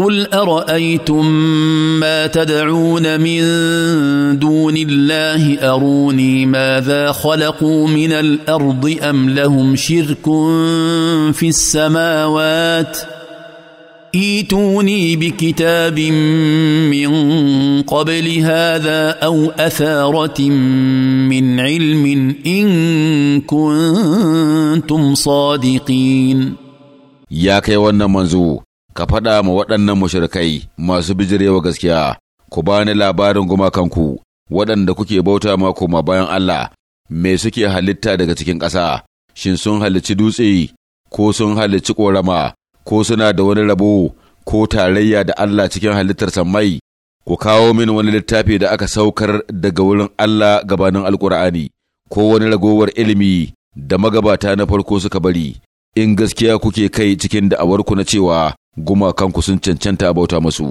قل ارايتم ما تدعون من دون الله اروني ماذا خلقوا من الارض ام لهم شرك في السماوات ايتوني بكتاب من قبل هذا او اثاره من علم ان كنتم صادقين يا ونا منزو ka faɗa ma waɗannan mashirkai masu bijirewa gaskiya, ku bani labarin gumakanku waɗanda kuke bauta ma koma bayan Allah, mai suke halitta daga cikin ƙasa, shin sun halicci dutse, ko sun halicci ƙorama, ko suna da wani rabo, ko tarayya da Allah cikin halittar sammai, ku kawo min wani littafi da aka saukar daga wurin Allah gabanin Alƙur'ani, ko wani ragowar ilimi da magabata na farko suka bari, in gaskiya kuke kai cikin da'awarku na cewa gumakanku sun cancanta a bauta masu.